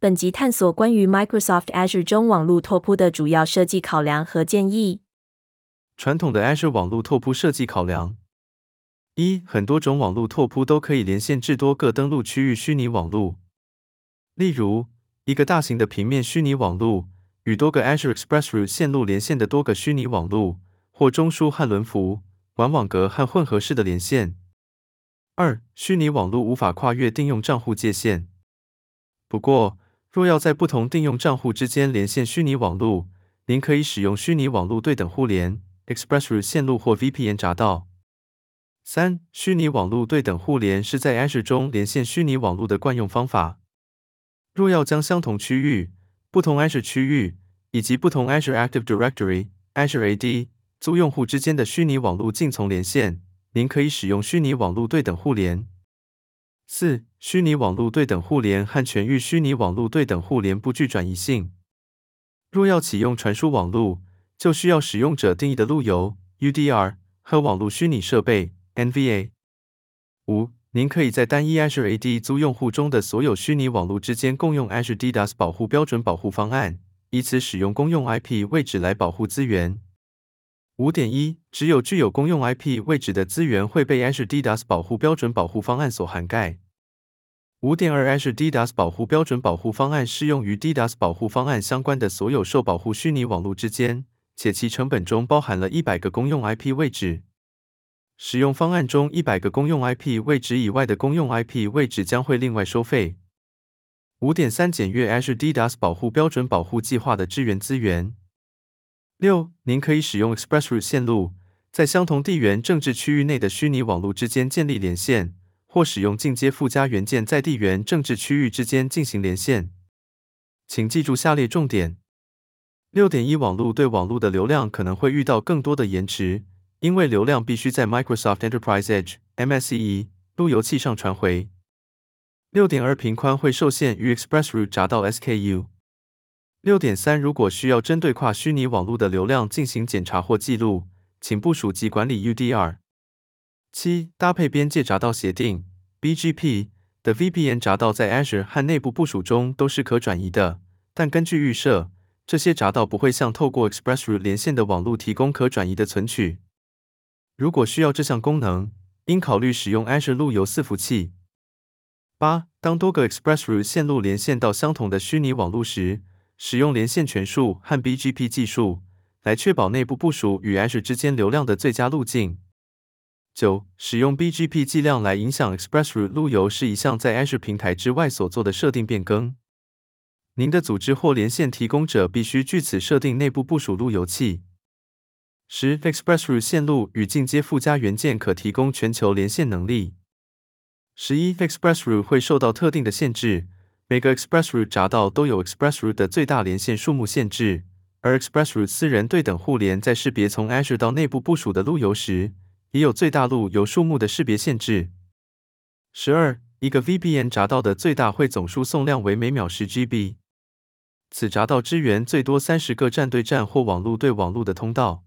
本集探索關於 Microsoft Azure 中網絡拓撲的主要設計考量和建議。傳統的 Azure 網絡拓撲設計考量：一、很多種網絡拓撲都可以連線至多個登陸區域虛擬網絡，例如一個大型的平面虛擬網絡與多個 Azure ExpressRoute 線路連線的多個虛擬網絡或中樞和輪輻、全網格和混合式的連線。二、虛擬網絡無法跨越訂閱賬戶界限，不過，若要在不同訂用帳戶之間連線虛擬網絡，您可以使用虛擬網絡對等互聯、ExpressRoute 線路或 VPN 閘道。三、虛擬網絡對等互聯是在 Azure 中連線虛擬網絡的慣用方法。若要將相同區域、不同 Azure 區域以及不同 Azure Active Directory (Azure AD) 租用戶之間的虛擬網絡進行連線，您可以使用虛擬網絡對等互聯。四、虛擬網絡對等互聯和全域虛擬網絡對等互聯不具轉移性。若要啟用傳輸網絡，就需要使用者定義的路由 （UDR） 和網絡虛擬設備 （NVA）。五、您可以在單一 Azure AD 租用戶中的所有虛擬網絡之間共用 Azure DDoS 保護標準保護方案，以此使用公用 IP 位置來保護資源。五點一，只有具有公用 IP 位置的資源會被 Azure DDoS 保護標準保護方案所涵蓋。五點二，Azure DDoS 保護標準保護方案適用於 DDoS 保護方案相關的所有受保護虛擬網絡之間，且其成本中包含了一百個公用 IP 位置。使用方案中一百個公用 IP 位置以外的公用 IP 位置將會另外收費。五點三，檢閱 Azure DDoS 保護標準保護計劃的支援資源。六，您可以使用 ExpressRoute 線路，在相同地緣政治區域內的虛擬網絡之間建立連線，或使用進階附加元件在地緣政治區域之間進行連線。請記住下列重點：六點一，網絡對網絡的流量可能會遇到更多的延遲，因為流量必須在 Microsoft Enterprise Edge (MSE) 路由器上傳回。六點二，頻寬會受限於 ExpressRoute 閘道 SKU。六點三，如果需要針對跨虛擬網絡的流量進行檢查或記錄，請部署及管理 UDR。七，搭配邊界閘道協定 （BGP） 的 VPN 閘道在 Azure 和內部部署中都是可轉移的，但根據預設，這些閘道不會向透過 ExpressRoute 連線的網絡提供可轉移的存取。如果需要這項功能，應考慮使用 Azure 路由伺服器。八，當多個 ExpressRoute 線路連線到相同的虛擬網絡時，使用連線權數和 BGP 技術來確保內部部署與 Azure 之間流量的最佳路徑。九、使用 BGP 計量來影響 ExpressRoute 路由是一項在 Azure 平台之外所做的設定變更。您的組織或連線提供者必須據此設定內部部署路由器。十、ExpressRoute 線路與進階附加元件可提供全球連線能力。十一、ExpressRoute 會受到特定的限制。每個 ExpressRoute 閘道都有 ExpressRoute 的最大連線數目限制，而 ExpressRoute 私人對等互聯在識別從 Azure 到內部部署的路由時，也有最大路由數目的識別限制。十二，一個 VPN 閘道的最大匯總輸送量為每秒十 GB，此閘道支援最多三十個站對站或網路對網路的通道。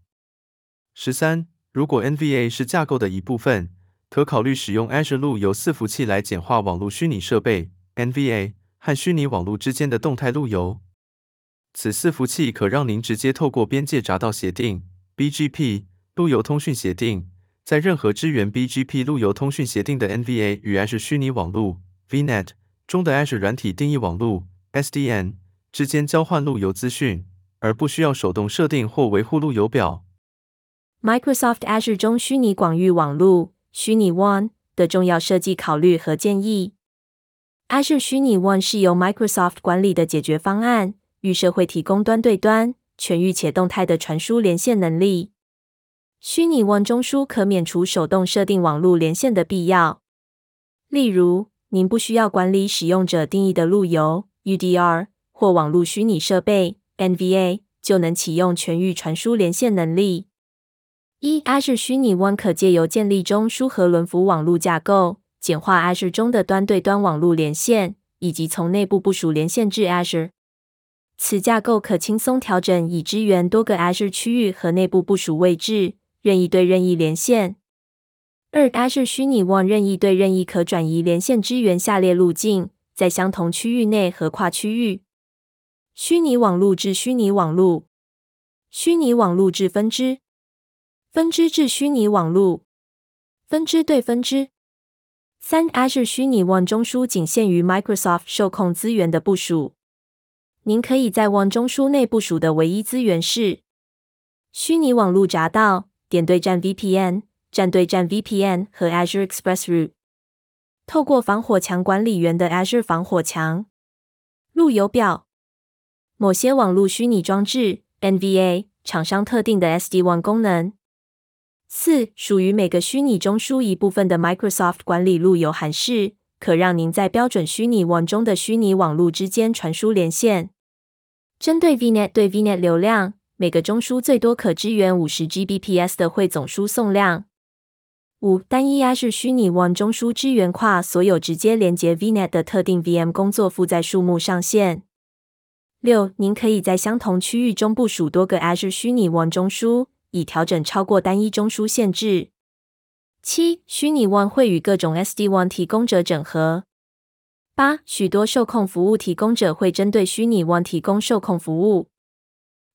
十三，如果 NVA 是架構的一部分，可考慮使用 Azure 路由伺服器來簡化網路虛擬設備 NVA。和虛擬網絡之間的動態路由。此伺服器可讓您直接透過邊界閘道協定 （BGP） 路由通訊協定，在任何支援 BGP 路由通訊協定的 NVA 與 Azure 虛擬網絡 （VNet） 中的 Azure 軟體定義網絡 （SDN） 之間交換路由資訊，而不需要手動設定或維護路由表。Microsoft Azure 中虛擬廣域網絡（虛擬 WAN） 的重要設計考慮和建議。Azure 虛擬 WAN 是由 Microsoft 管理的解決方案，預設會提供端對端、全域且動態的傳輸連線能力。虛擬 WAN 中樞可免除手動設定網絡連線的必要，例如，您不需要管理使用者定義的路由 （UDR） 或網絡虛擬設備 （NVA），就能啟用全域傳輸連線能力。一 Azure 虛擬 WAN 可借由建立中樞和輪輻網絡架構。簡化 Azure 中的端對端網絡連線，以及從內部部署連線至 Azure。此架構可輕鬆調整以支援多個 Azure 區域和內部部署位置，任意對任意連線。二、Azure 虛擬 WAN 任意對任意可轉移連線支援下列路徑：在相同區域內和跨區域，虛擬網路至虛擬網路，虛擬網路至分支，分支至虛擬網路，分支對分支。三 Azure 虛擬 WAN 中樞僅限於 Microsoft 受控資源的部署。您可以在 WAN 中樞內部署的唯一資源是虛擬網絡閘,閘道、點對站 VPN、站對站 VPN 和 Azure ExpressRoute。透過防火牆管理員的 Azure 防火牆、路由表、某些網絡虛擬裝置 （NVA） 廠商特定的 SD-WAN 功能。四、屬於每個虛擬中樞一部分的 Microsoft 管理路由函式，可讓您在標準虛擬 WAN 中的虛擬網路之間傳輸連線。針對 vNet 對 vNet 流量，每個中樞最多可支援五十 Gbps 的匯總輸送量。五、單一 Azure 虛擬 WAN 中樞支援跨所有直接連接 vNet 的特定 VM 工作負載數目上限。六、您可以在相同區域中部署多個 Azure 虛擬 WAN 中樞。以調整超過單一中樞限制。七，虛擬 WAN 會與各種 SD WAN 提供者整合。八，許多受控服務提供者會針對虛擬 WAN 提供受控服務。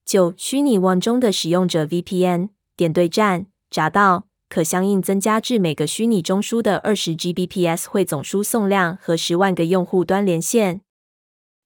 九，虛擬 WAN 中的使用者 VPN 點對站閘道可相應增加至每個虛擬中樞的二十 Gbps 匯總輸送量和十萬個用戶端連線。